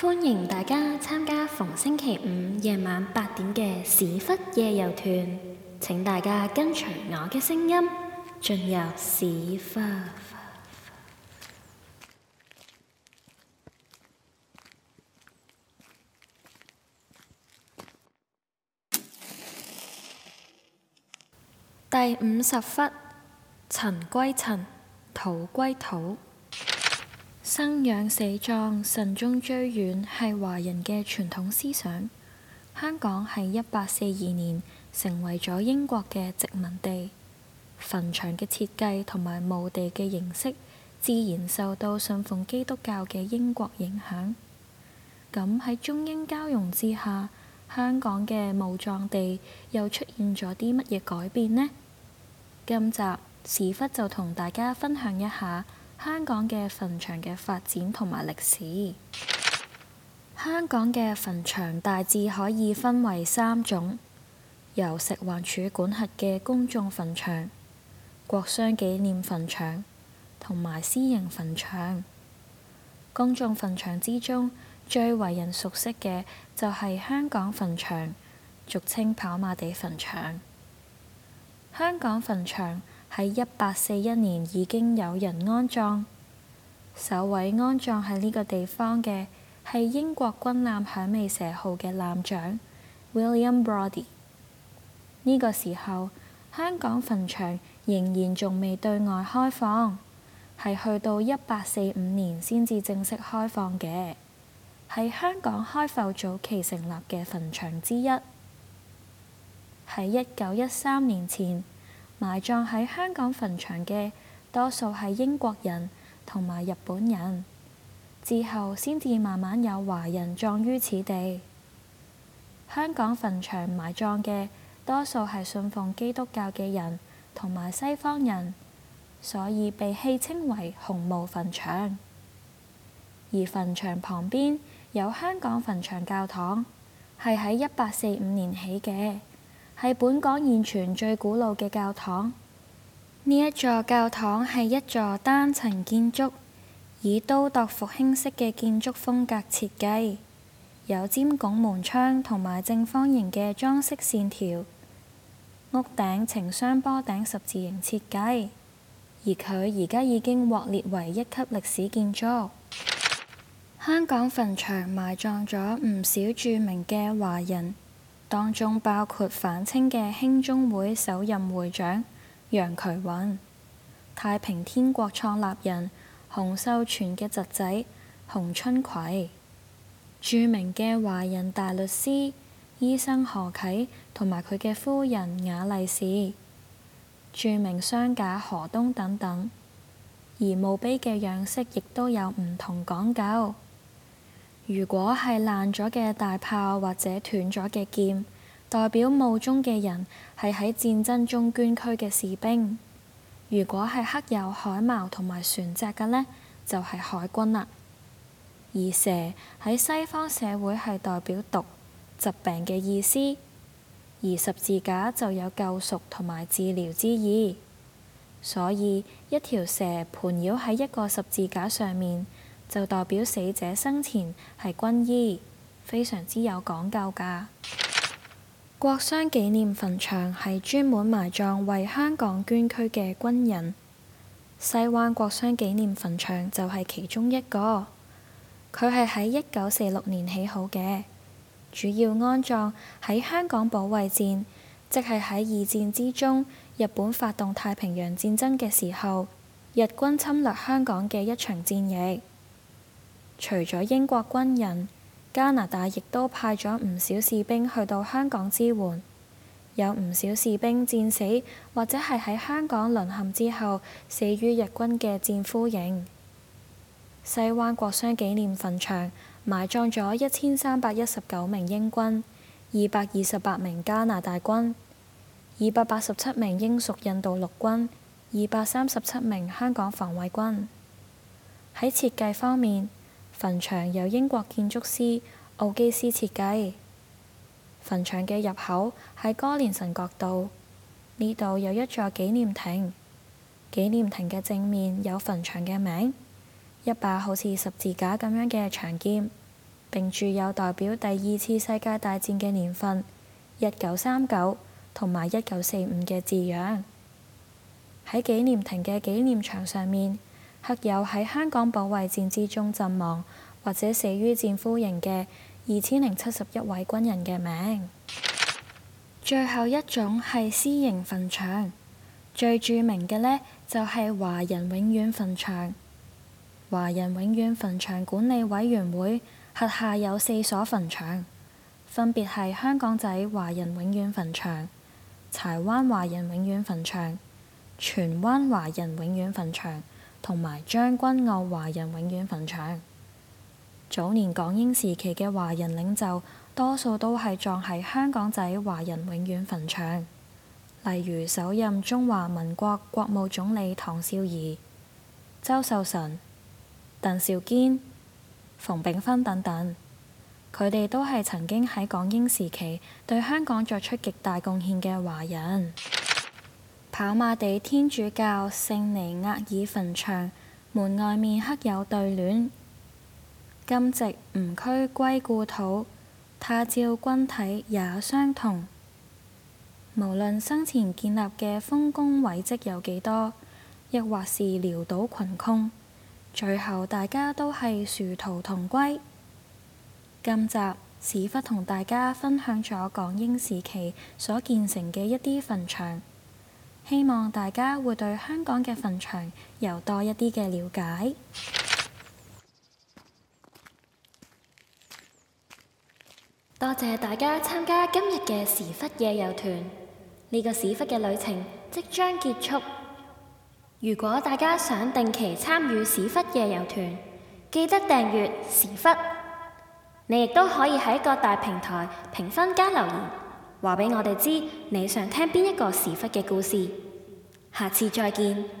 歡迎大家參加逢星期五夜晚八點嘅史窟夜遊團。請大家跟隨我嘅聲音進入史窟。第五十窟，塵歸塵，土歸土。生養死葬，慎終追遠，係華人嘅傳統思想。香港喺一八四二年成為咗英國嘅殖民地，墳場嘅設計同埋墓地嘅形式自然受到信奉基督教嘅英國影響。咁喺中英交融之下，香港嘅墓葬地又出現咗啲乜嘢改變呢？今集史窟就同大家分享一下。香港嘅墳場嘅發展同埋歷史，香港嘅墳場大致可以分為三種：由食環署管轄嘅公眾墳場、國殤紀念墳場同埋私營墳場。公眾墳場之中，最為人熟悉嘅就係香港墳場，俗稱跑馬地墳場。香港墳場喺一八四一年已經有人安葬，首位安葬喺呢個地方嘅係英國軍艦響尾蛇號嘅艦長 William Brodie。呢個時候香港墳場仍然仲未對外開放，係去到一八四五年先至正式開放嘅，係香港開埠早期成立嘅墳場之一，喺一九一三年前。埋葬喺香港墳場嘅多數係英國人同埋日本人，之後先至慢慢有華人葬於此地。香港墳場埋葬嘅多數係信奉基督教嘅人同埋西方人，所以被戲稱為紅毛墳場。而墳場旁邊有香港墳場教堂，係喺一八四五年起嘅。係本港現存最古老嘅教堂。呢一座教堂係一座單層建築，以都鐸復興式嘅建築風格設計，有尖拱門窗同埋正方形嘅裝飾線條，屋頂呈雙坡頂十字形設計。而佢而家已經獲列為一級歷史建築。香港墳場埋葬咗唔少著名嘅華人。當中包括反清嘅興中會首任會長楊衢雲、太平天國創立人洪秀全嘅侄仔洪春葵、著名嘅華人大律師、醫生何啟同埋佢嘅夫人雅麗氏、著名商賈何東等等，而墓碑嘅樣式亦都有唔同講究。如果係爛咗嘅大炮或者斷咗嘅劍，代表墓中嘅人係喺戰爭中捐軀嘅士兵；如果係刻有海錨同埋船隻嘅呢，就係、是、海軍啦。而蛇喺西方社會係代表毒、疾病嘅意思，而十字架就有救贖同埋治療之意。所以一條蛇盤繞喺一個十字架上面，就代表死者生前係軍醫，非常之有講究㗎。國殤紀念墳場係專門埋葬為香港捐軀嘅軍人，西灣國殤紀念墳場就係其中一個。佢係喺一九四六年起好嘅，主要安葬喺香港保衛戰，即係喺二戰之中日本發動太平洋戰爭嘅時候，日軍侵略香港嘅一場戰役。除咗英國軍人，加拿大亦都派咗唔少士兵去到香港支援，有唔少士兵戰死，或者係喺香港淪陷之後死於日軍嘅戰俘營。西灣國殤紀念墳場埋葬咗一千三百一十九名英軍、二百二十八名加拿大軍、二百八十七名英屬印度陸軍、二百三十七名香港防衛軍。喺設計方面，墳場由英國建築師奧基斯設計。墳場嘅入口喺哥連臣角道，呢度有一座紀念亭。紀念亭嘅正面有墳場嘅名，一把好似十字架咁樣嘅長劍，並註有代表第二次世界大戰嘅年份一九三九同埋一九四五嘅字樣。喺紀念亭嘅紀念牆上面，刻有喺香港保衛戰之中陣亡或者死於戰俘營嘅二千零七十一位軍人嘅名。最後一種係私營墳場，最著名嘅呢就係華人永遠墳場。華人永遠墳場管理委員會轄下有四所墳場，分別係香港仔華人永遠墳場、柴灣華人永遠墳場、荃灣華人永遠墳場、同埋將軍澳華人永遠墳場，早年港英時期嘅華人領袖，多數都係葬喺香港仔華人永遠墳場，例如首任中華民國國務總理唐紹儀、周壽臣、鄧兆堅、馮秉芬等等，佢哋都係曾經喺港英時期對香港作出極大貢獻嘅華人。跑馬地天主教聖尼厄爾墳場門外面刻有對聯：今夕吾軀歸故土，他朝君體也相同。無論生前建立嘅豐功偉績有幾多，亦或是潦倒群空，最後大家都係殊途同歸。今集史窟同大家分享咗港英時期所建成嘅一啲墳場。希望大家會對香港嘅墳場有多一啲嘅了解。多謝大家參加今日嘅史窟夜遊團，呢、這個史窟嘅旅程即將結束。如果大家想定期參與史窟夜遊團，記得訂閱史窟。你亦都可以喺各大平台評分加留言。話俾我哋知，你想聽邊一個史窟嘅故事？下次再見。